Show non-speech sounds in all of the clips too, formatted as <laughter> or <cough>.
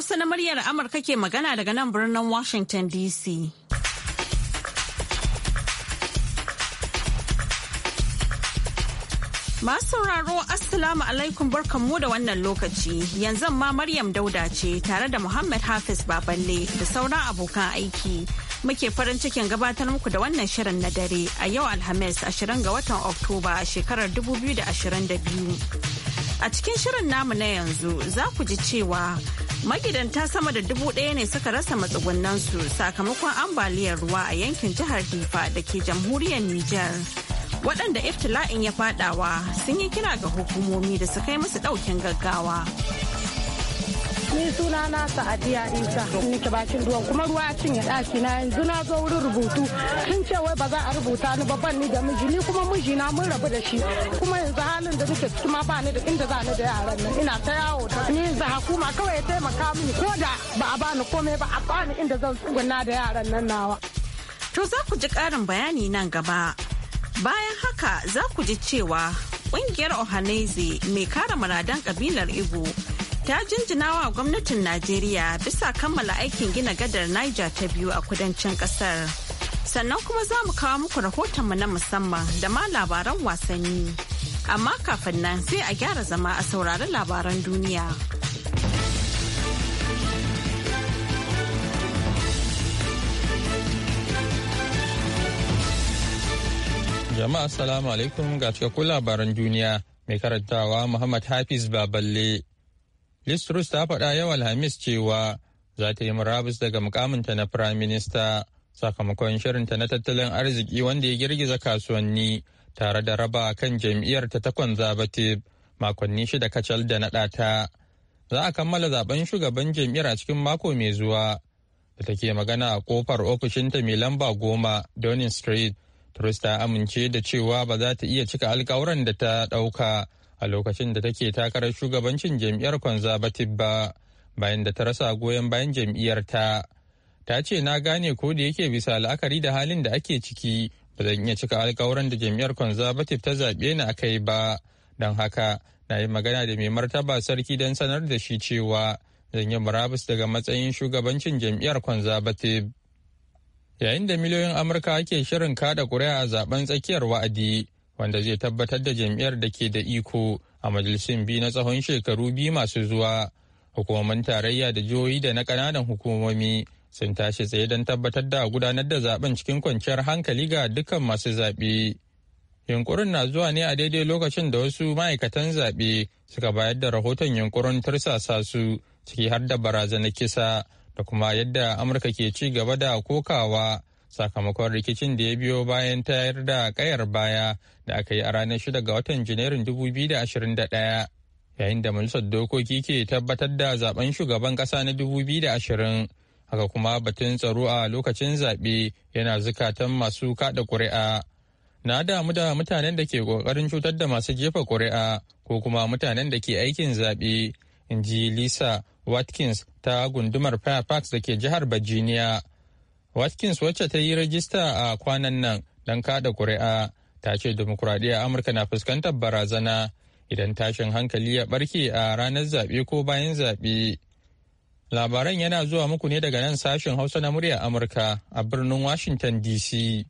Hausa na muryar Amurka ke magana daga nan birnin Washington DC. Masu sauraro Assalamu alaikum barkanmu da wannan lokaci yanzu ma Maryam Dauda ce tare da Muhammad Hafiz Baballe da sauran abokan aiki. Muke farin cikin gabatar muku da wannan shirin na dare a yau Alhamis 20 ga watan Oktoba shekarar 2022. A cikin shirin namu na yanzu za ku ji cewa magidanta sama da dubu ɗaya ne suka rasa matsugunansu sakamakon ambaliyar ruwa a yankin jihar Difa da ke jamhuriyar Nijar. Waɗanda iftila'in ya fadawa sun yi kira ga hukumomi da su kai musu ɗaukin gaggawa. Ni suna na Sa'adiya Isa ni ta bakin ruwan kuma ruwa ya cinye ɗaki na yanzu na zo wurin rubutu sun ce wai ba za a rubuta ni babban ni da miji ni kuma miji na mun rabu da shi kuma yanzu halin da nake ciki ma ba ni da inda za ni da yaran nan ina ta yawo ta ni yanzu hakuma kawai ya taimaka mini ko da ba a bani komai ba a bani inda zan tsugunna da yaran nan nawa. To za ku ji ƙarin bayani nan gaba. Bayan haka za ku ji cewa ƙungiyar Ohaneze mai kare muradan ƙabilar Igbo ta jinjinawa wa gwamnatin Najeriya bisa kammala aikin gina gadar Niger ta biyu a kudancin kasar. Sannan kuma za mu kawo muku rahotonmu na musamman da ma labaran wasanni. Amma kafin nan sai a gyara zama a saurari labaran duniya. Jama'a salamu alaikum ga cikakkun labaran duniya mai karantawa Muhammad Hafiz Baballe. Liz Truss ta faɗa yau Alhamis cewa za ta yi murabus daga mukaminta na Prime Minister sakamakon shirinta na tattalin arziki wanda ya girgiza kasuwanni tare da raba kan jam'iyyar ta ta Conservative makonni shida kacal da naɗa ta. Za a kammala zaben shugaban jam'iyyar a cikin mako mai zuwa. Da take magana a kofar ofishinta mai lamba goma Downing Street, Truss ta amince da cewa ba za ta iya cika alkawuran da ta ɗauka a lokacin da take takarar shugabancin jam'iyyar conservative ba bayan da ta rasa goyon bayan jam'iyyar ta ta ce na gane ko da yake bisa la'akari da halin da ake ciki ba zan iya cika alkawuran da jam'iyyar conservative ta zaɓe ni a kai ba don haka na yi magana da mai martaba sarki don sanar da shi cewa zan yi murabus daga matsayin shugabancin jam'iyyar conservative yayin da miliyoyin amurka ke shirin kada ƙuri'a a zaben tsakiyar wa'adi wanda zai tabbatar da jam'iyyar da ke da iko a majalisun biyu na tsawon shekaru biyu masu zuwa hukumomin tarayya da jihohi da na kananan hukumomi sun tashi tsaye don tabbatar da gudanar da zaben cikin kwanciyar hankali ga dukkan masu zaɓe. Yunkurin na zuwa ne a daidai lokacin da wasu ma'aikatan zaɓe suka bayar da rahoton yunkurin tursasa su ciki har da barazanar kisa da kuma yadda Amurka ke ci gaba da kokawa sakamakon rikicin da ya biyo bayan tayar da kayar baya da aka yi a ranar 6 ga watan janairun 2021 yayin da majalisar dokoki ke tabbatar da zaben shugaban kasa na 2020 haka kuma batun tsaro a lokacin zaɓe yana zukatan masu kada ƙuri'a na damu da mutanen da ke ƙoƙarin cutar da masu jefa ƙuri'a ko kuma mutanen da ke aikin zaɓe in ji lisa watkins ta gundumar firefox da ke jihar virginia Watkins wacce ta yi rajista a kwanan nan don kada kuri'a ta ce demokuraɗiyyar Amurka na fuskantar barazana idan tashin hankali ya barke a ranar zaɓe ko bayan zaɓe. Labaran yana zuwa muku ne daga nan sashen Hausa na muryar Amurka a birnin Washington DC.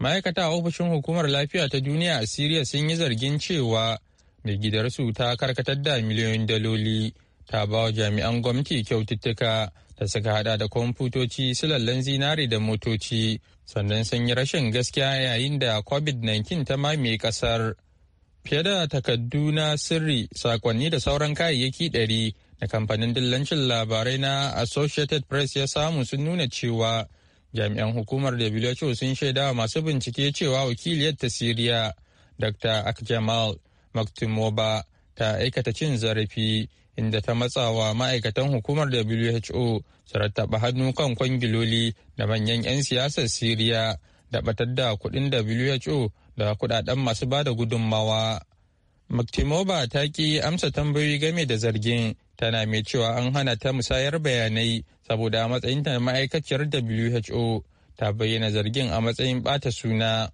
Ma'aikata a ofishin hukumar lafiya ta duniya a Siriya sun yi zargin cewa mai gidarsu ta karkatar da miliyoyin daloli ta ba wa jami'an gwamnati kyaututtuka da suka hada da kwamfutoci silallen zinari da motoci sannan sun yi rashin gaskiya yayin da covid-19 ta mamaye kasar fiye da takaddu na sirri sakonni da sauran kayayyaki ɗari da kamfanin dillancin labarai na associated press ya samu sun nuna cewa jami'an hukumar who sun shaida masu bincike cewa wakiliyar ta siriya dr akjamal maktumoba ta aikata cin zarafi inda ta matsawa ma'aikatan hukumar WHO su rattaba hannu kan kwangiloli da manyan 'yan siyasar Siriya da batar da kuɗin WHO da kuɗaɗen masu ba da gudunmawa. Maktimoba ta ki amsa tambayoyi game da zargin tana mai cewa an hana ta musayar bayanai saboda matsayinta na ma'aikaciyar WHO ta bayyana zargin a matsayin ɓata suna.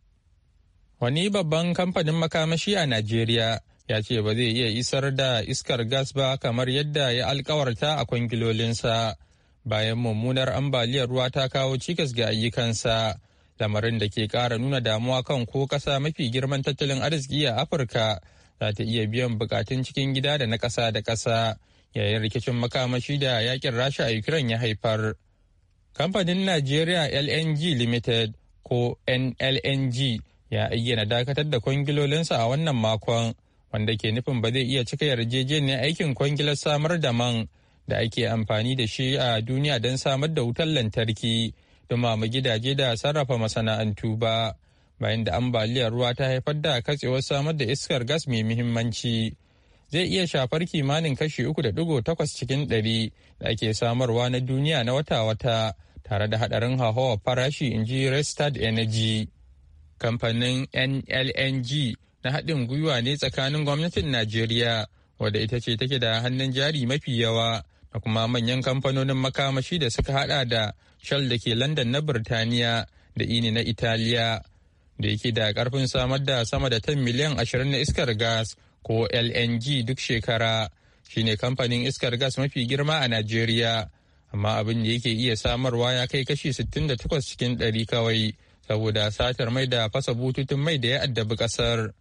Wani babban kamfanin makamashi a Najeriya ya ce ba zai iya isar da iskar gas ba kamar yadda ya alkawarta a kwangilolinsa bayan mummunar ambaliyar ruwa ta kawo cikas ga ayyukansa lamarin da ke kara nuna damuwa kan ko ƙasa mafi girman tattalin arziki a afirka za ta iya biyan bukatun cikin gida da na ƙasa da ƙasa yayin rikicin makamashi da yakin rasha a ukraine ya haifar kamfanin najeriya lng limited ko nlng ya ayyana dakatar da kwangilolinsa a wannan makon wanda ke nufin ba zai iya cika yarjejeniyar aikin kwangilar samar da man da ake amfani da shi a duniya don samar da wutar lantarki dumama gidaje da sarrafa masana'antu ba bayan da ambaliyar ruwa ta haifar da katsewar samar da iskar gas mai muhimmanci zai iya shafar kimanin kashi uku da 3.8 cikin ɗari da ake samarwa na duniya na wata-wata tare da haɗarin hauhawar farashi in ji restart energy kamfanin nlng na haɗin gwiwa ne tsakanin gwamnatin Najeriya wadda ita ce take da hannun jari mafi yawa da kuma manyan kamfanonin makamashi da suka haɗa da Shell da ke London na Birtaniya da Ini na Italiya da yake da karfin samar da sama da tan miliyan 20 na iskar gas ko LNG duk shekara shine kamfanin iskar gas mafi girma a Najeriya amma abin da yake iya samarwa ya kai kashi 68 cikin 100 kawai saboda satar mai da fasa bututun mai da ya addabi ƙasar.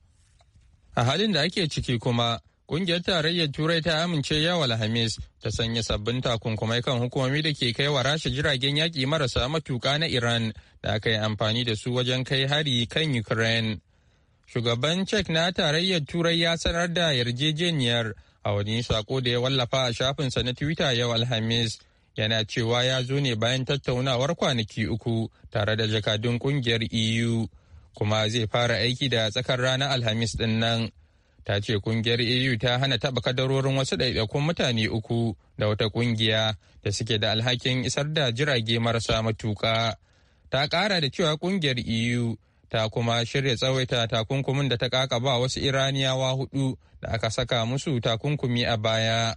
a halin da ake ciki kuma kungiyar tarayyar turai ta amince yawa alhamis ta sanya sabbin takunkumai kan hukumomi da ke kai wa rasha jiragen yaƙi marasa matuƙa na iran da aka yi amfani da su wajen kai hari kan ukraine shugaban cek na tarayyar turai ya sanar da yarjejeniyar a wani sako da ya wallafa a shafinsa na twitter yau alhamis yana cewa ya zo ne bayan tattaunawar kwanaki uku tare da jakadun kungiyar eu kuma zai fara aiki da tsakar ranar alhamis din nan ta ce kungiyar eu ta hana taba kadarorin wasu ɗaiɗaikun mutane uku da wata kungiya da suke da alhakin isar da jirage marasa matuƙa ta ƙara da cewa kungiyar eu ta kuma shirya tsawaita takunkumin da ta kakaba wasu iraniyawa hudu da aka saka musu takunkumi a baya.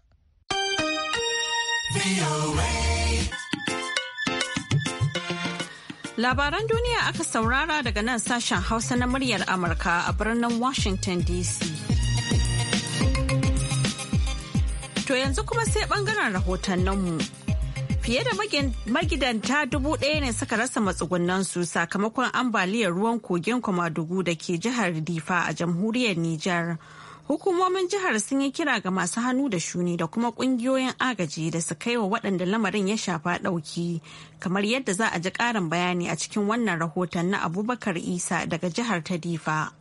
Labaran duniya aka saurara daga nan sashen Hausa na muryar Amurka a birnin Washington DC. To yanzu kuma sai bangaren rahotanninmu. Fiye da magidanta dubu ɗaya ne suka rasa matsugunansu sakamakon ambaliyar ruwan kogin Kwamadugu da ke jihar Difa a jamhuriyar Nijar. Hukumomin jihar sun yi kira ga masu hannu da shuni da kuma kungiyoyin agaji da su kai wa waɗanda lamarin ya shafa ɗauki, kamar yadda za a ji ƙarin bayani a cikin wannan rahoton na Abubakar Isa daga jihar ta Difa.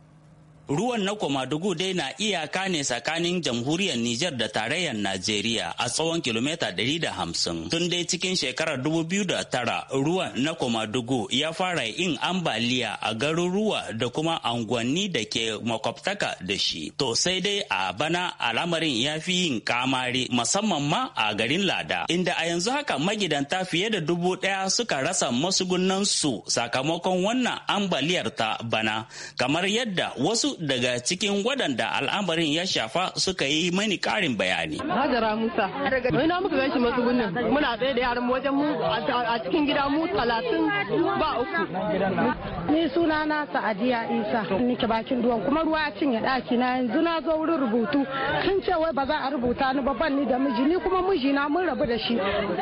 ruwan na koma dugu dai na iyaka ne tsakanin jamhuriyar Nijar da tarayyar Najeriya a tsawon kilomita 150. Tun dai cikin shekarar 2009 ruwan na dugu ya fara yin ambaliya a garuruwa da kuma anguwanni da ke makwabtaka da shi. To sai dai a bana al'amarin ya fi yin kamari musamman ma a garin Lada inda a yanzu haka magidanta fiye da dubu ɗaya suka rasa masugunansu sakamakon wannan ambaliyar ta bana kamar yadda wasu daga cikin waɗanda al'amarin ya shafa suka yi mani ƙarin bayani. Hajara Musa, wani na muka ganshi matsugunin muna tsaye da yaran wajen mu a cikin gida mu talatin ba uku. Ni suna na Sa'adiya Isa, nike bakin duwan kuma ruwa ya cinye ɗaki na yanzu na zo wurin rubutu sun ce wai ba za a rubuta ni babban ni da miji ni kuma miji na mun rabu da shi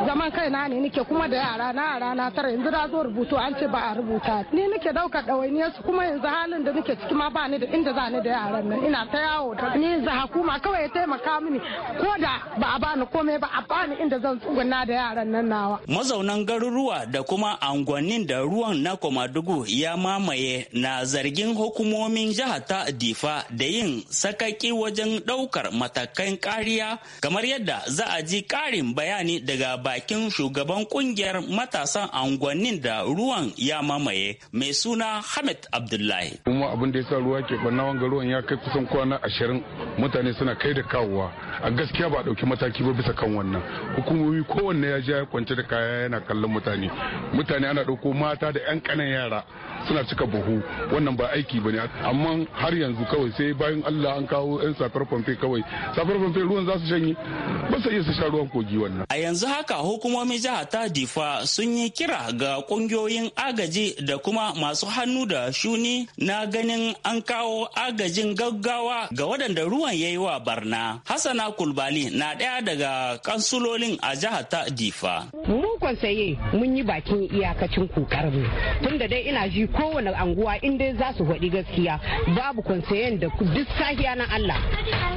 zaman kai na ne nike kuma da yara na yara na tara yanzu na zo rubutu an ce ba a rubuta ni nike daukar ɗawainiyarsu kuma yanzu halin da nike ciki ma ba ni da inda za ni da yaran nan ina ta yawo ta ni za hukuma kawai ya taimaka mini ko da ba a bani komai ba a bani inda zan tsuguna da yaran nan nawa mazaunan garuruwa da kuma angwannin da ruwan na komadugu ya mamaye na zargin hukumomin jihar ta difa da yin sakaki wajen daukar matakan kariya kamar yadda za a ji karin bayani daga bakin shugaban kungiyar matasan angwannin da ruwan ya mamaye mai suna hamid abdullahi kuma abin da ya sa ruwa ke na wanga ruwan ya kai kusan kwana ashirin mutane suna kai da kawowa a gaskiya ba a ɗauki mataki ba bisa kan wannan hukumomi kowanne ya ja ya kwance da kaya yana kallon mutane mutane ana ɗauko mata da 'yan ƙanan yara suna cika buhu wannan ba aiki bane amma har yanzu kawai sai bayan Allah an kawo yan safar famfe kawai safar famfe ruwan za su shanye ba su iya su sha ruwan kogi wannan a yanzu haka hukumomin jiha ta difa sun yi kira ga kungiyoyin agaji da kuma masu hannu da shuni na ganin an kawo agajin gaggawa ga waɗanda ruwan ya yi wa barna hassana kulbali na ɗaya daga kansulolin a jiha ta difa mun kwasaye mun yi bakin iyakacin kokarin tunda dai ina ji kowane anguwa in dai za su faɗi gaskiya babu kwansayen da duk sahiya na Allah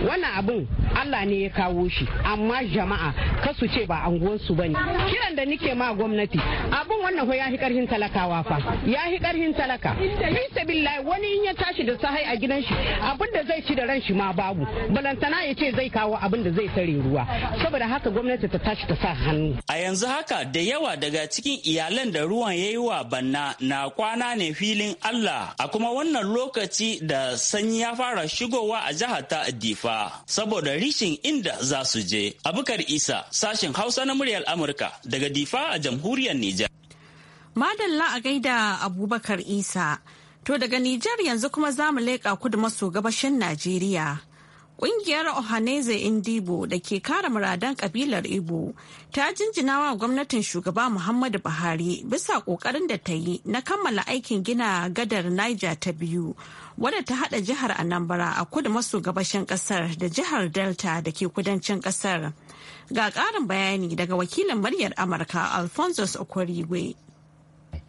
wannan abin Allah ne ya kawo shi amma jama'a kasu ce ba anguwansu ba ne kiran da nike ma gwamnati abin wannan ya fi karhin talakawa fa ya fi karhin talaka bisa billahi wani in ya tashi da sahai a gidan shi abin da zai ci da ran shi ma babu balantana ya ce zai kawo abin da zai tare ruwa saboda haka gwamnati ta tashi ta sa hannu a yanzu haka da yawa daga cikin iyalan da ruwan yayi wa banna na kwana ne mai filin Allah a kuma wannan lokaci da sanyi ya fara shigowa a jihar ta Difa saboda rishin inda za su je. Abukar Isa sashen Hausa na muryar Amurka daga Difa a jamhuriyar Nijar. Madalla a gaida Abubakar Isa. To daga Nijar yanzu kuma za mu leƙa kudu maso gabashin Najeriya. Ƙungiyar Ohaneze Indibo da ke kare muradan ƙabilar Igbo ta jinjina wa gwamnatin shugaba Muhammadu Buhari bisa ƙoƙarin da ta yi na kammala aikin gina gadar Niger ta biyu wadda ta haɗa jihar Anambra a kudu maso gabashin ƙasar da jihar Delta da ke kudancin ƙasar. Ga ƙarin bayani daga wakilin muryar Amurka Alphonsus Okorigwe.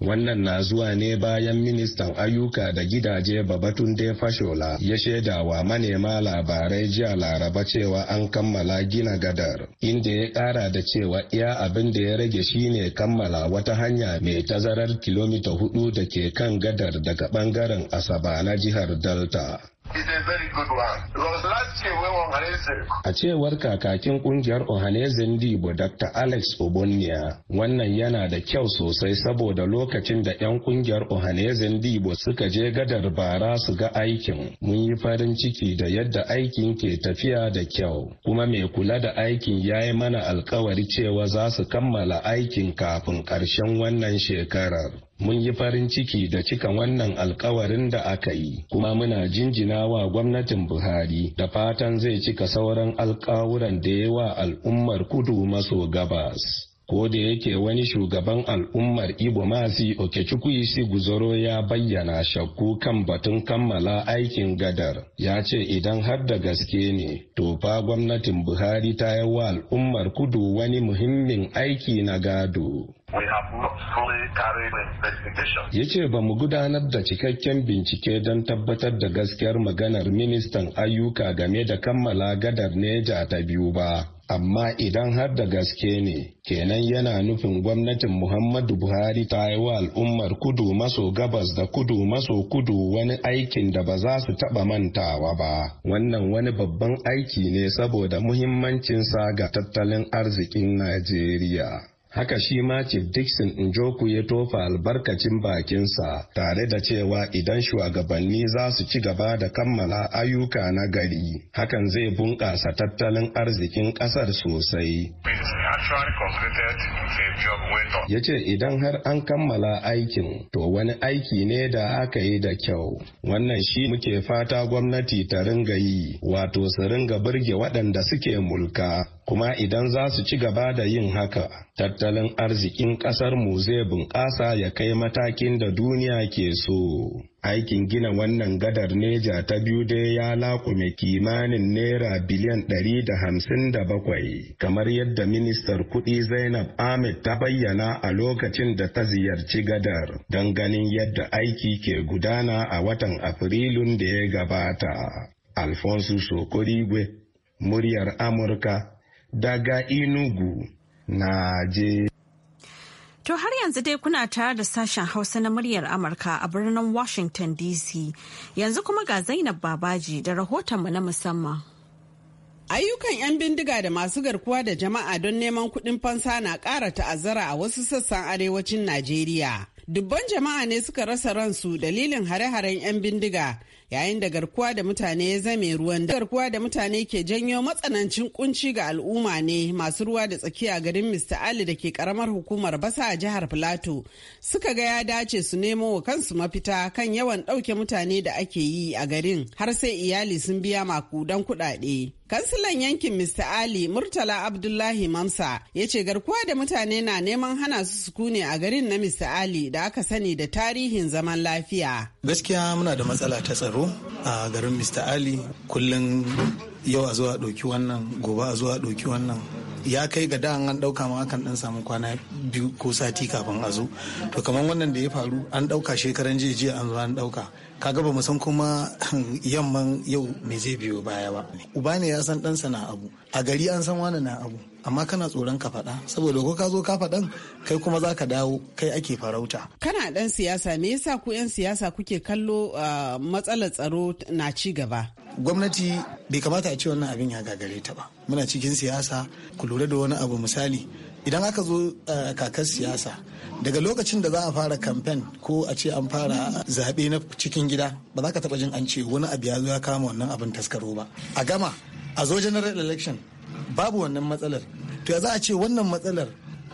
Wannan na zuwa ne bayan ministan ayyuka da gidaje Babatunde Fashola ya shaida wa manema labarai jiya Laraba cewa an kammala gina gadar, inda ya ƙara da cewa iya abin da ya rage shine kammala wata hanya mai tazarar kilomita hudu da ke kan gadar daga ɓangaren Asaba na jihar Delta. A cewar kakakin kungiyar Ohanezen Dibo Dr. Alex Obonia, wannan yana da kyau sosai saboda lokacin da 'yan kungiyar Ohanezen Dibo suka je gadar bara su ga aikin. Mun yi farin ciki da yadda aikin ke tafiya da kyau, kuma mai kula da aikin ya yi mana alkawari cewa za su kammala aikin kafin ƙarshen wannan shekarar. Mun yi farin ciki da cika wannan alkawarin da aka yi, kuma muna jinjina wa gwamnatin Buhari da fatan zai cika sauran alkawuran da ya wa al'ummar kudu maso gabas. ko da yake wani shugaban al'ummar Igbo Masi Okechukwuisi Guzoro ya bayyana shakku kan batun kammala aikin gadar. Ya ce idan har da gaske ne, to fa gwamnatin Buhari ta yi wa al'ummar kudu wani muhimmin aiki na gado. Ya ce ba mu gudanar da cikakken bincike don tabbatar da gaskiyar maganar ministan ayyuka game da kammala gadar neja ta biyu ba. Amma idan har da gaske ne, kenan yana nufin gwamnatin Muhammadu Buhari ta yi wa al'ummar kudu maso gabas da kudu maso kudu wani aikin da ba za su taɓa mantawa ba. Wannan wani babban aiki ne saboda muhimmancinsa ga tattalin arzikin Najeriya. Haka shi ma Chief Dixon Njoku ya tofa albarkacin bakinsa tare da cewa idan shugabanni za su ci gaba da kammala ayyuka na gari, hakan zai bunƙasa tattalin arzikin ƙasar sosai. Ya ce idan har an kammala aikin, to wani aiki ne da aka yi da kyau. Wannan shi muke fata gwamnati ta ringa yi, wato su ringa birge waɗanda suke mulka. kuma idan za su ci gaba da yin haka tattalin arzikin ƙasar mu zai bunƙasa ya kai matakin da duniya ke so aikin gina wannan gadar neja ta biyu dai ya lakume kimanin naira biliyan ɗari da hamsin da bakwai, kamar yadda ministar kuɗi zainab ahmed ta bayyana a lokacin da ta ziyarci gadar don ganin yadda aiki ke gudana a watan afrilun da ya gabata alfonso sokorigwe muryar amurka daga Inugu, na je. To har yanzu dai kuna tare da sashen Hausa na muryar Amurka a birnin Washington DC. Yanzu kuma ga Zainab Babaji da rahotonmu na musamman. Ayyukan 'yan bindiga da masu garkuwa da jama'a don neman kuɗin fansa na ƙara ta'azzara a wasu sassan arewacin Najeriya. Dubban jama'a ne suka rasa ransu dalilin hare-haren 'yan bindiga yayin da garkuwa da mutane ya zame ruwan da garkuwa da mutane ke janyo matsanancin kunci ga al'umma ne masu ruwa da tsakiya garin Mr. Ali da ke karamar hukumar Basa a jihar Filato suka ga ya dace su nemo wa kansu mafita kan yawan ɗauke mutane da ake yi a garin har sai iyali sun biya makudan kuɗaɗe. Kansilan yankin Mr. Ali Murtala Abdullahi Mamsa ya ce garkuwa da mutane na neman hana su suku ne a garin na Mr. Ali da aka sani da tarihin zaman lafiya. Gaskiya muna da matsala ta tsaro a garin Mr. Ali kullum yau a zuwa ɗauki wannan gobe a zuwa ɗauki wannan ya kai ga da an ɗauka ma akan ɗan samu kwana biyu ko sati kafin a zo to kamar wannan da ya faru an ɗauka shekaran jiya jiya an zo an ɗauka kaga ba mu san kuma <clears throat> yamman yau me zai biyo baya ba uba ne ya san ɗansa na abu a gari an san wani na abu amma kana tsoron ka faɗa saboda ko ka zo ka faɗan kai kuma za ka dawo kai ake farauta. kana ɗan siyasa me yasa ku 'yan siyasa kuke kallo matsalar tsaro na ci gaba. gwamnati bai kamata a ce wannan abin ya gagare ta ba muna cikin siyasa ku lura da wani abu misali idan aka zo kakar siyasa daga lokacin da za a fara kamfen ko a ce an fara zaɓe na cikin gida ba za ka taɓa jin an ce wani abu ya zo ya kama wannan abin taskaro ba a gama a zo general election babu wannan matsalar to ya za a ce wannan matsalar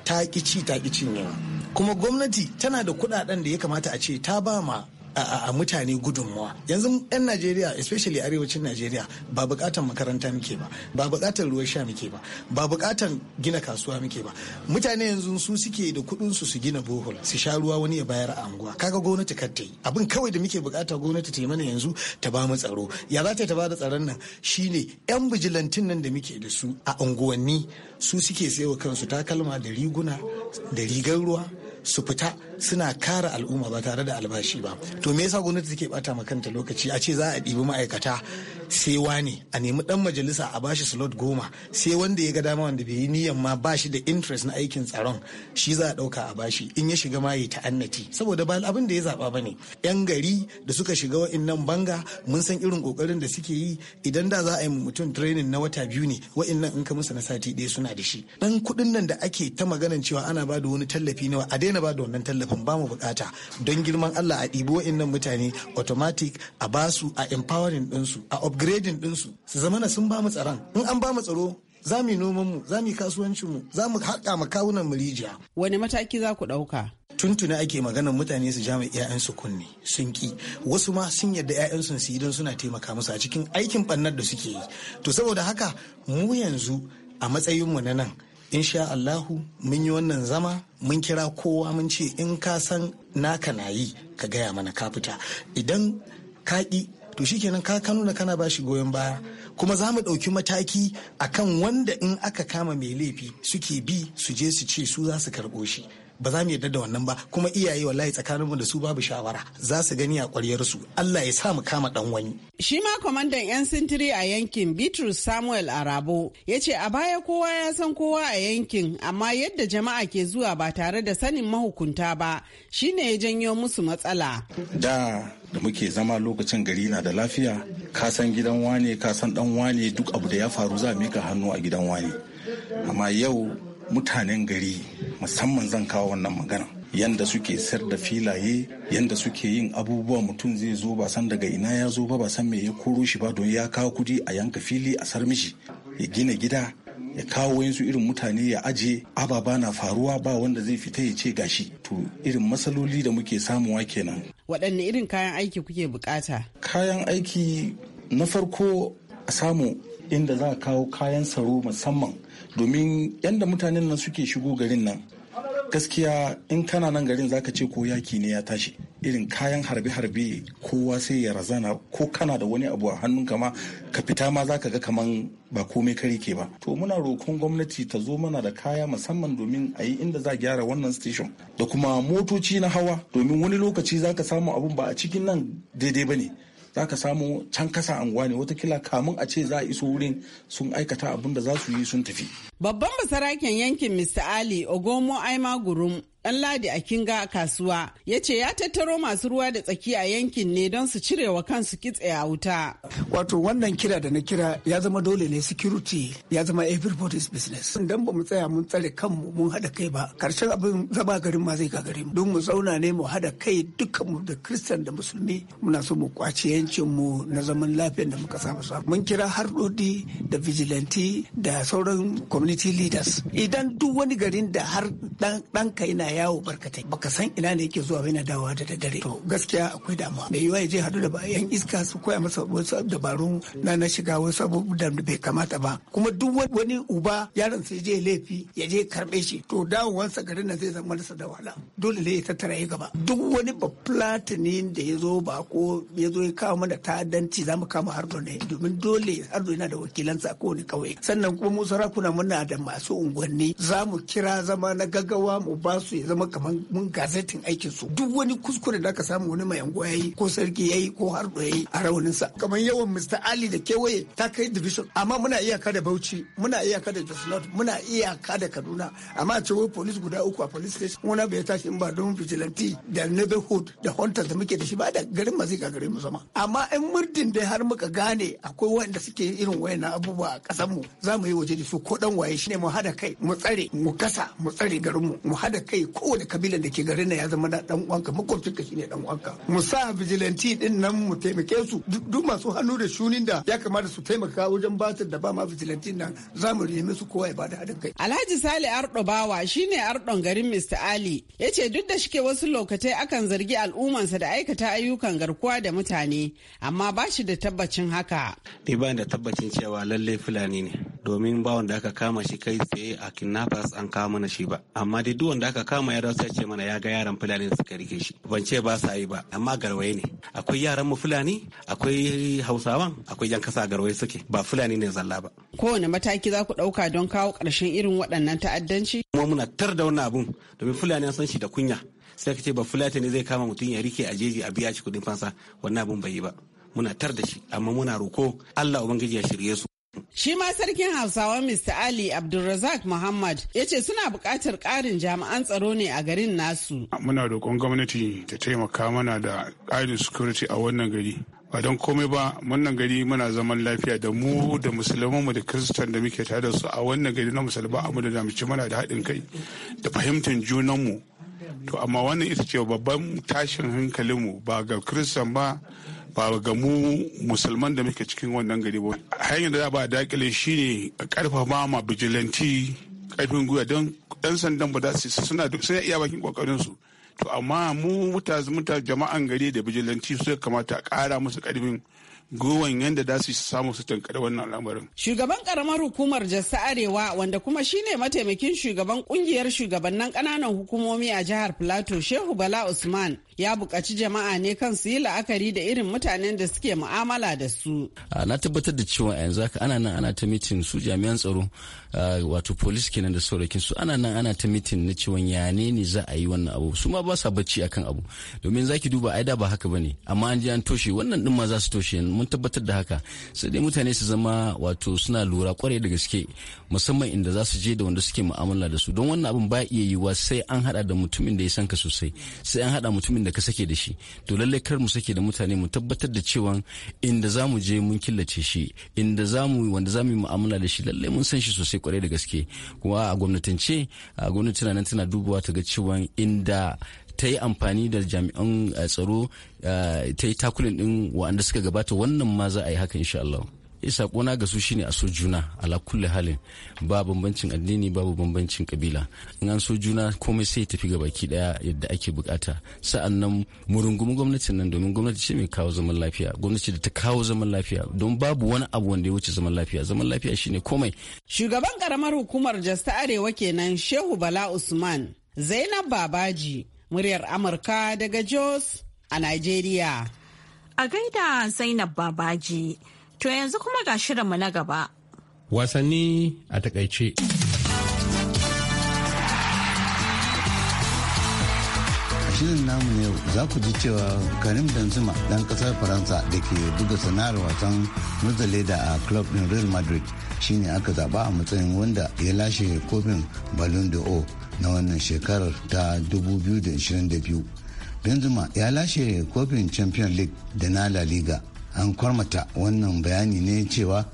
ta ci ta cinyewa kuma gwamnati tana da kuɗaɗen da ya kamata a ce ta ba ma a mutane gudunmawa yanzu 'yan najeriya especially arewacin najeriya ba bukatan makaranta muke ba ba bukatan ruwan sha muke ba ba bukatan gina kasuwa muke ba mutane yanzu su suke da kudin su su gina bohol su sha ruwa wani ya bayar a anguwa kaga gwamnati kar ta yi abin kawai da muke bukata gwamnati ta yi mana yanzu ta ba mu tsaro ya za ta ba da tsaron nan shine 'yan bijilantin nan da muke da su a unguwanni su suke sayo kansu takalma da riguna da rigar ruwa su fita suna kara al'umma ba tare da albashi ba to me yasa gwamnati take bata ma kanta lokaci a ce za a ɗibi ma'aikata sai wani a nemi dan majalisa a bashi slot goma sai wanda ya ga dama wanda bai yi niyan ma bashi da interest na aikin tsaron shi za a ɗauka a bashi in ya shiga ma ta annati. saboda ba abin da ya zaba bane yan gari da suka shiga wa'innan banga mun san irin kokarin da suke yi idan da za a yi mutum training na wata biyu ne wa'innan in ka musu na sati ɗaya sun ana da shi dan kuɗin nan da ake ta maganan cewa ana ba da wani tallafi nawa a daina ba da wannan tallafin ba mu bukata don girman Allah a ɗibo nan mutane automatic a basu a empowering ɗinsu a upgrading ɗinsu su zamana sun ba mu tsaron in an ba mu tsaro za mu yi mu za mu yi mu za mu haƙa ma kawunan mu rijiya. Wani mataki za ku ɗauka? tuntuna ake maganar mutane su jama 'ya'yansu kunne sun ki wasu ma sun yadda 'ya'yansu su yi don suna taimaka musu a cikin aikin ɓannar da suke yi to saboda haka mu yanzu a matsayinmu na nan insha Allahu mun yi wannan zama mun kira kowa mun ce in ka san naka na yi ka gaya mana ka fita idan ka ƙi to shikenan ka kano na kana bashi goyon baya kuma za mu ɗauki mataki akan wanda in aka kama mai laifi suke bi su je su ce su za su karɓo shi ba za mu yarda da wannan ba kuma iyaye wallahi tsakanin mu da su babu shawara za su gani a ƙwaryar su Allah ya sa mu kama dan wani shi ma kwamandan yan sintiri a yankin Bitrus Samuel Arabo ya ce a baya kowa ya san kowa a yankin amma yadda jama'a ke zuwa ba tare da sanin mahukunta ba shine ya janyo musu matsala da da muke zama lokacin gari na da lafiya ka san gidan wane ka san dan wane duk abu da ya faru za mika hannu a gidan wane amma yau mutanen gari musamman zan kawo wannan magana yanda suke sayar da filaye yanda suke yin abubuwa mutum zai zo ba san daga ina ya zo ba ba san me ya koro shi ba don ya kawo kudi a yanka fili a sar mishi ya gina gida ya kawo wayansu irin mutane ya aje ababa na faruwa ba wanda zai fita ya ce gashi to irin matsaloli da muke samuwa kenan waɗanne irin kayan aiki kuke bukata kayan aiki na farko a samu inda za a kawo kayan tsaro musamman domin yadda mutanen nan suke shigo garin nan gaskiya in kana nan garin zaka ce ko yaki ne ya tashi irin kayan harbe-harbe kowa sai ya razana ko kana da wani abu a hannun kama ka fita ma zaka ga kaman ba komai kare ke ba to muna roƙon gwamnati ta zo mana da kaya musamman domin a yi inda za gyara wannan station da kuma motoci na hawa domin wani lokaci zaka samu abun ba a cikin nan daidai ba ne za ka samu can kasa anguwa ne watakila kamun a ce za a iso wurin sun aikata abin da za su yi sun tafi. Babban basaraken yankin Mr. Ali Ogomo Aima Gurum Dan Ladi a Kinga kasuwa ya ce ya tattaro masu ruwa da tsaki a yankin ne don su cire wa kansu kitse a wuta. Wato wannan kira da na kira ya zama dole ne security ya zama everybody's business. Idan ba mu tsaya mun tsare kanmu mun haɗa kai ba karshen abin zaba garin ma zai gagare mu. Don mu zauna ne mu hada kai dukkanmu da kristan da musulmi muna so mu kwace yancin mu na zaman lafiyar da muka saba samu. Mun kira hardodi da vigilante da sauran community leaders. Idan duk wani garin da har ɗanka na yawo barkatai baka san ina ne yake zuwa yana dawowa da daddare to gaskiya akwai damuwa mai yiwa ya je haɗu da ba yan iska su koya masa wasu dabaru na na shiga wasu abubuwan da bai kamata ba kuma duk wani uba yaron sai je laifi ya je karɓe shi to dawowansa garin na zai zama masa da wahala dole ne ya tattara ya gaba duk wani ba platinum da ya zo ba ko ya zo ya kawo mana ta'addanci za mu kama hardo ne domin dole hardo yana da wakilansa a kowane ƙauye sannan kuma mu sarakuna muna da masu unguwanni za mu kira zama na gaggawa mu ba su zama kamar mun gazetin aikin su duk wani kuskure da aka samu wani mai anguwa yayi ko sarki yayi ko har yayi a raunin sa kamar yawan Mr. Ali da kewaye ta kai division amma muna iyaka da Bauchi muna iyaka da Jos North muna iyaka da Kaduna amma ce wai police guda uku a police station wani bai tashi in ba don vigilante da neighborhood da hunters da muke da shi ba da garin ma zai ga garin mu zama amma in murdin dai har muka gane akwai wanda suke irin wayannan abubuwa a kasar mu za mu yi waje da su ko dan waye shine mu hada kai mu tsare mu kasa mu tsare garin mu mu hada kai kowane kabilan da ke garin na ya zama na dan uwanka makwabcinka shine dan uwanka mu sa vigilante din nan mu taimake su duk masu hannu da shunin da ya kamata su taimaka wajen batar da ba ma vigilante nan za mu nemi su kowa ya bada haɗin kai Alhaji Sale Ardo Bawa shine Ardon garin Mr Ali yace duk da shike wasu lokacin akan zargi al'ummansa da aikata ayyukan garkuwa da mutane amma ba shi da tabbacin haka ni ba da tabbacin cewa lallai fulani ne domin ba wanda aka kama shi kai tsaye a kidnappers an kama na shi ba amma dai duk wanda aka kama ma ya sai ce mana ya ga yaran fulani da suka rike shi ban ce ba sa yi ba amma garwaye ne akwai yaran mu fulani akwai hausawan akwai yan kasa garwaye suke ba fulani ne zalla ba kowane mataki za ku ɗauka don kawo karshen irin waɗannan ta'addanci kuma muna tar da wannan abun domin fulani san shi da kunya sai ka ce ba fulani ne zai kama mutum ya rike a jeji a biya shi kuɗin fansa wannan abun bai yi ba muna tar da shi amma muna roko Allah ubangiji ya shirye su Shi ma sarkin Hausawa Mr. Ali Abdulrazak Muhammad ya ce suna bukatar ƙarin jami'an tsaro ne a garin nasu. Muna roƙon gwamnati ta taimaka mana da ƙarin security a wannan gari. Ba don komai ba, wannan gari muna zaman lafiya da mu da musulmanmu da kiristan da muke tare da su a wannan gari na musulma amma da mana da haɗin kai da fahimtar junan mu. to amma wannan ita ce babban tashin hankalinmu ba ga kristan ba ba ga mu musulman da muke cikin wannan gari ba hanyar da za ba dakile shine karfafa ma bijilanti karfin gwiwa don dan sandan ba za su suna suna iya bakin kokarin su to amma mu mutaz jama'an gari da bijilanti su kamata a kara musu karfin gowan yadda da su samu su tankare wannan al'amarin. Shugaban karamar hukumar Jassa Arewa wanda kuma shine mataimakin shugaban kungiyar shugabannin kananan hukumomi a jihar Filato Shehu Bala Usman ya bukaci jama'a ne kan su yi la'akari da irin mutanen da suke mu'amala da su. Na tabbatar da cewa yanzu haka ana nan ana ta mitin su jami'an tsaro wato polis kenan da saurakin su ana nan ana ta mitin na cewa ya ne ne za a yi wannan abu su ma ba sa bacci akan abu domin zaki duba ai da ba haka bane amma an ji an toshe wannan din ma za su toshe mun tabbatar da haka sai dai mutane su zama wato suna lura kwarai da gaske musamman inda za su je da wanda suke mu'amala da su don wannan abin ba iya yiwuwa sai an hada da mutumin da ya san ka sosai sai an hada mutumin da ka sake da shi to lallai kar mu sake da mutane mu tabbatar da cewa inda za mu je mun killace shi inda za mu wanda za mu yi mu'amala da shi lallai mun san shi sosai kwarai da gaske kuma a gwamnatance a gwamnati tana nan tana dubawa ta ga cewa inda ta yi amfani da jami'an eh, tsaro eh, ta yi takulin din wa'anda suka gabata wannan ma za a yi haka insha Allah. Eh, na ga su shine a so juna ala kulle halin ba bambancin addini babu bambancin kabila in an so juna komai sai tafi ga baki daya yadda ake bukata sa'annan mu rungumi gwamnatin nan domin gwamnati ce mai kawo zaman lafiya gwamnati da ta kawo zaman lafiya don babu wani abu wanda ya wuce zaman lafiya zaman lafiya shine komai shugaban karamar hukumar jasta arewa kenan shehu bala usman zainab babaji muryar Amurka daga Jos a Najeriya. A gaida Zainab Babaji, to yanzu kuma ga shirinmu na gaba. Wasanni a takaice. za ku ji cewa karim benzema dan kasar faransa da ke buga sana'ar wasan da a club din real madrid shine aka zaba a matsayin wanda ya lashe kofin ballon d'or na wannan shekarar ta 2022 benzema ya lashe kofin champion league da na la liga an kwarmata wannan bayani ne cewa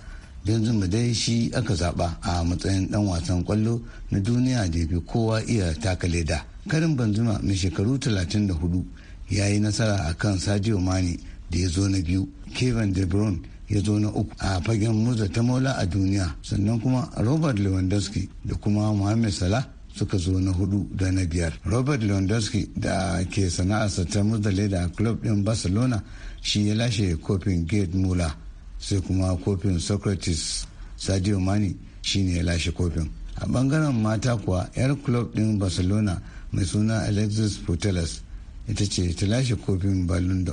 don zuma dai shi aka zaba a matsayin dan wasan kwallo na duniya da fi kowa iya taka leda karin banzuma mai shekaru 34 ya yi nasara a kan sadio mani da ya zo na biyu kevin de bruyne ya zo na uku a fagen muza ta maula a duniya sannan kuma robert lewandowski da kuma mohamed salah suka zo na hudu da na biyar robert lewandowski da ke sana'arsa ta muza leda a club din barcelona shi ya lashe kofin gate mula sai kuma kofin socrates sadio mani shine ya lashe kofin a bangaren mata kuwa 'yar club din barcelona mai suna alexis putelas ita ce ta lashe kofin ballon da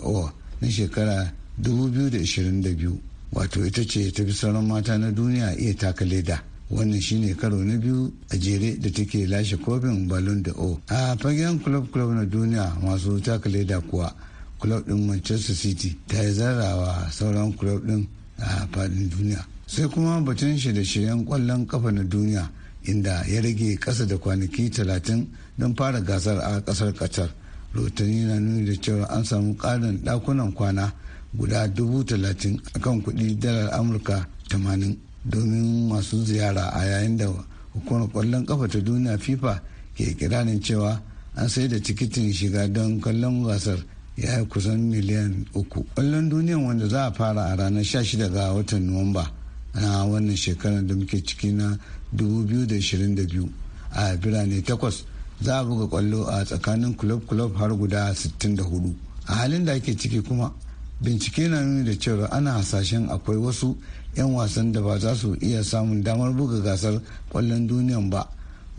na shekara 2022 wato ita ce ta fi sauran mata na duniya iya taka leda wannan shine karo na biyu a jere da take lashe kofin ballon da o a fagen club club na duniya masu taka leda kuwa kulob din manchester city ta yi zarrawa sauran kulob din a fadin duniya sai kuma batun shi da shiryen kwallon kafa na duniya inda ya rage kasa da kwanaki talatin don fara gasar a kasar qatar rotani na nuna da cewa an samu karin dakunan kwana guda dubu talatin kan kudi dalar amurka tamanin domin masu ziyara a yayin da hukumar kwallon kafa ta duniya fifa ke kiranin cewa an sai da tikitin shiga don kallon gasar ya yi kusan miliyan uku ƙwallon duniyan wanda za a fara a ranar 16 ga watan nuwamba na wannan shekarar da muke ciki na 2022 a birane takwas za a buga kwallo a tsakanin kulob-kulob har guda 64 a halin da ake ciki kuma bincike na nuni da cewa ana hasashen akwai wasu 'yan wasan da ba za su iya samun damar buga gasar kwallon duniyan ba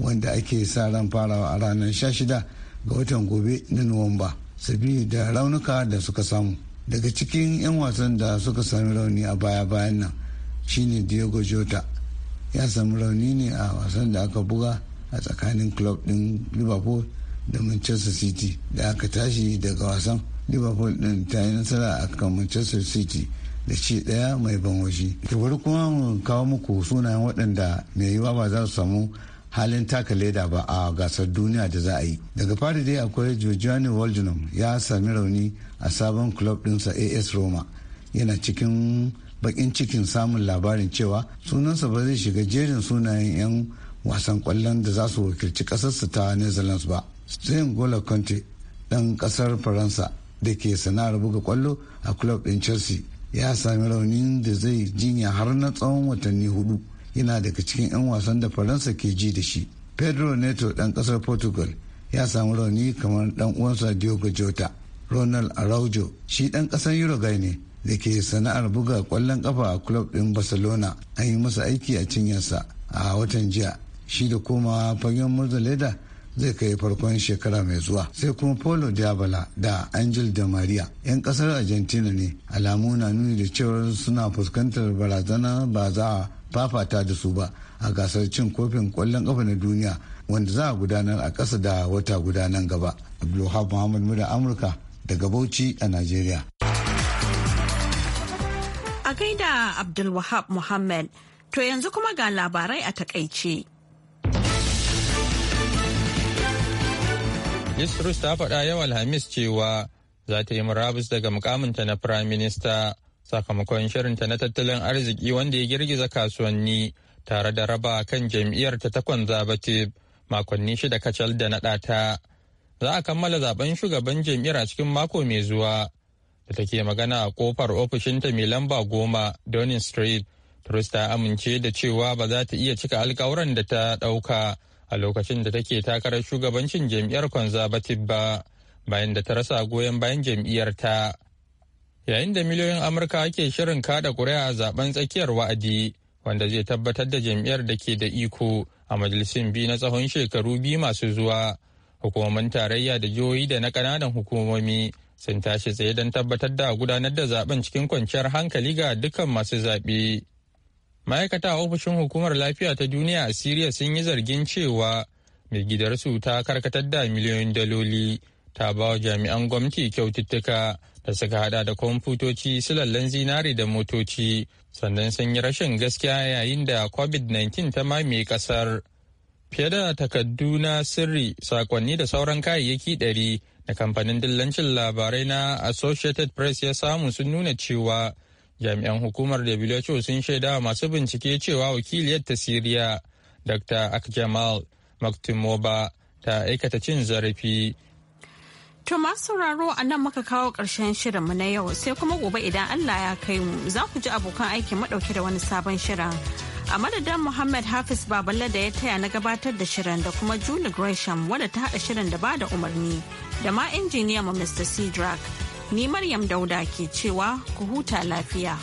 wanda ake sa ran farawa a ranar 16 ga watan gobe na nuwamba sabili da raunuka da suka samu daga cikin 'yan wasan da suka sami rauni a baya-bayan nan shine diego jota ya sami rauni ne a wasan da aka buga a tsakanin club din liverpool da manchester city da aka tashi daga wasan liverpool din ta yi nasara a kan manchester city da ci daya mai ban waje kuma mu kawo muku sunayen waɗanda mai yiwa ba za su samu halin taka leda ba a gasar duniya da za a yi daga fari dai akwai georgiani waldenum ya sami rauni a sabon club dinsa as roma yana cikin bakin cikin samun labarin cewa sunansa ba zai shiga jerin sunayen 'yan wasan kwallon da za su wakilci kasarsa ta netherlands ba stein gola conte dan kasar faransa da ke sana'ar buga kwallo a club din chelsea ya sami raunin da zai jinya har na tsawon watanni hudu yana daga cikin 'yan wasan da faransa ke ji da shi pedro neto dan kasar portugal ya samu rauni kamar ɗan uwansa diogo jota ronald araujo shi dan kasar uruguay ne da ke sana'ar buga kwallon kafa a club din barcelona an yi masa aiki a cinyarsa a watan jiya shi da koma fagen murza leda zai kai farkon shekara mai zuwa sai kuma polo diabala da angel da maria 'yan kasar argentina ne alamu na nuni da cewar suna fuskantar barazana ba za a fafata da su ba a gasar cin kofin kwallon kafa na duniya wanda za a gudanar a ƙasa da wata gudanar gaba abdulhab muhammad muda amurka daga bauchi a Najeriya. a gaida abdulwahab muhammad to yanzu kuma ga labarai a takaice Yusrus ta faɗa yau Alhamis cewa za ta yi murabus daga mukaminta na Firayim Minista sakamakon shirinta na tattalin arziki wanda ya girgiza kasuwanni tare da raba kan jam'iyyar ta ta conservative makonni shida kacal da naɗa ta za a kammala zaben shugaban jam'iyyar a cikin mako mai zuwa da take magana a kofar ofishinta mai lamba goma downing street Truss ta amince da cewa ba za ta iya cika alkawuran da ta ɗauka a lokacin da take takarar shugabancin jam'iyyar conservative ba bayan da ta rasa goyon bayan jam'iyyar ta. yayin da miliyoyin amurka ake shirin kada kuri'a a zaben tsakiyar wa'adi wanda zai tabbatar da jam'iyyar da ke da iko a majalisun biyu na tsawon shekaru biyu masu zuwa hukumomin tarayya da jihohi da na kananan hukumomi sun tashi tsaye don tabbatar da gudanar da zaben cikin kwanciyar hankali ga dukkan masu zaɓe ma'aikata a ofishin hukumar lafiya ta duniya a siriya sun yi zargin cewa mai gidarsu ta karkatar da miliyoyin daloli ta ba wa jami'an gwamnati kyaututtuka da suka hada da kwamfutoci sulallen zinari da motoci sannan sun yi rashin gaskiya yayin da covid-19 ta mame kasar fiye da takardu na sirri sakonni da sauran kayayyaki ɗari da kamfanin dillancin labarai na associated press ya samu sun nuna cewa jami'an hukumar who sun shaida masu bincike cewa wakiliyar ta siriya dr akjamal maktumoba ta aikata cin zarafi To masu sauraro a nan muka kawo ƙarshen shirinmu na yau sai kuma gobe idan Allah ya kai mu za ku ji abokan aiki maɗauke da wani sabon shirin. A madadin Muhammad Hafiz Baballe da ya taya na gabatar da shirin da kuma Julie Gresham wadda ta haɗa shirin da ba da umarni da ma injiniya mu Mr. Sidrak Ni Maryam Dauda ke cewa ku huta lafiya.